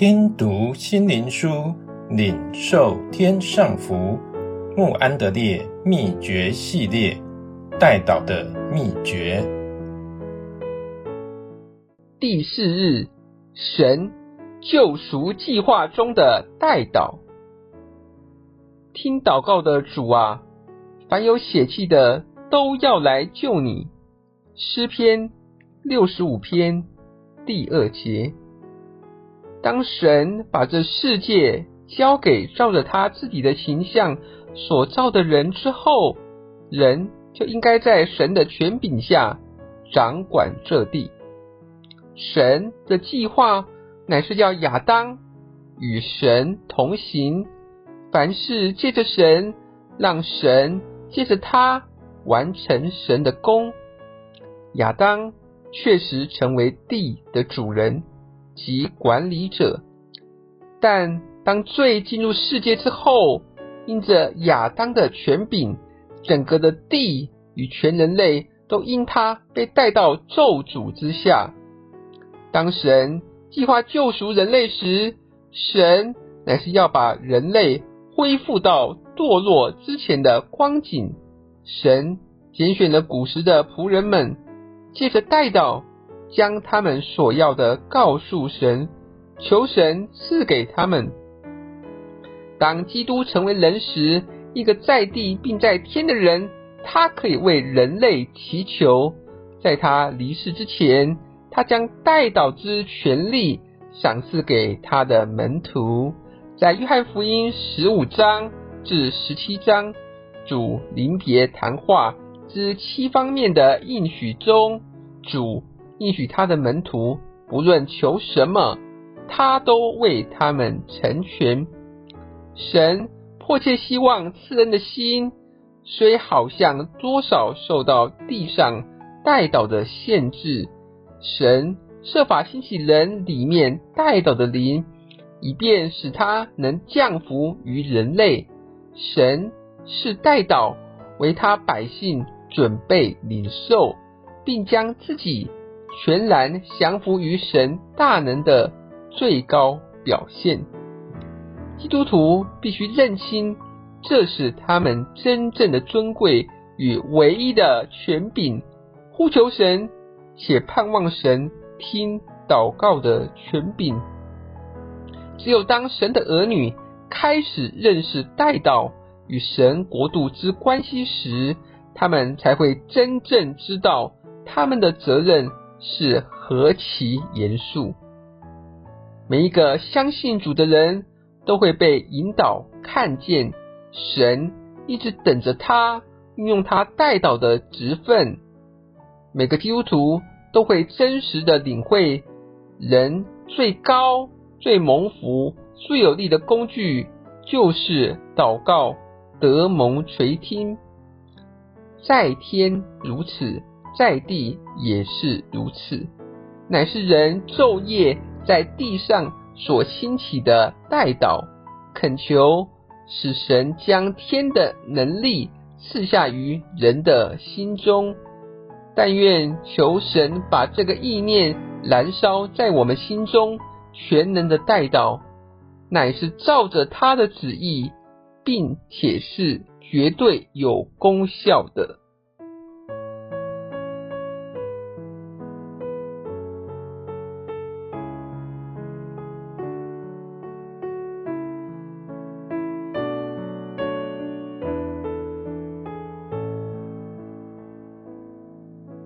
聽讀心靈書，領受天上福。慕安德烈秘訣系列，代禱的秘訣。第四日，神救贖計劃中的代禱。聽禱告的主啊，凡有血氣的都要來就你。詩篇六十五篇第二節。當神把這世界交給照着他自己的形象所造的人之後，人就應該在神的權柄下掌管這地。神的計劃乃是叫亞當與神同行，凡事借着神，讓神借着他完成神的工，亞當確實成為地的主人。及管理者，但當罪進入世界之後，因着亞當的權柄，整個的地與全人類都因他被帶到咒詛之下。當神計劃救贖人類時，神乃是要把人類恢復到墮落之前的光景。神揀選了古時的僕人們，借着代禱。將他們所要的告訴神，求神賜給他們。當基督成為人時，一個在地並在天的人，他可以為人類祈求。在他離世之前，他將代禱之權利賞賜給他的門徒。在約翰福音十五章至十七章，主臨別談話之七方面的應許中，主。應許他的門徒，不論求什麼，他都為他們成全。神迫切希望賜恩的心，雖好像多少受到地上代禱的限制，神設法興起人裡面代禱的靈，以便使他能降福於人類。神視代禱，為他百姓準備領受，並將自己。全然降服於神大能的最高表現，基督徒必須認清，這是他們真正的尊貴與唯一的權柄，呼求神且盼望神聽禱告的權柄。只有當神的兒女開始認識代禱與神國度之關係時，他們才會真正知道他們的責任，是何其嚴肅！每一個相信主的人都會被引導看見神一直等着他，運用他代禱的職份。每個基督徒都會真實的領會，人最高、最蒙福、最有力的工具就是禱告，得蒙垂聽。在天如此，在地也是如此，乃是人晝夜在地上所興起的代禱，懇求使神將天的能力賜下於人的心中。但願求神把這個意念燃燒在我們心中，全能的代禱，乃是照着他的旨意，並且是絕對有功效的。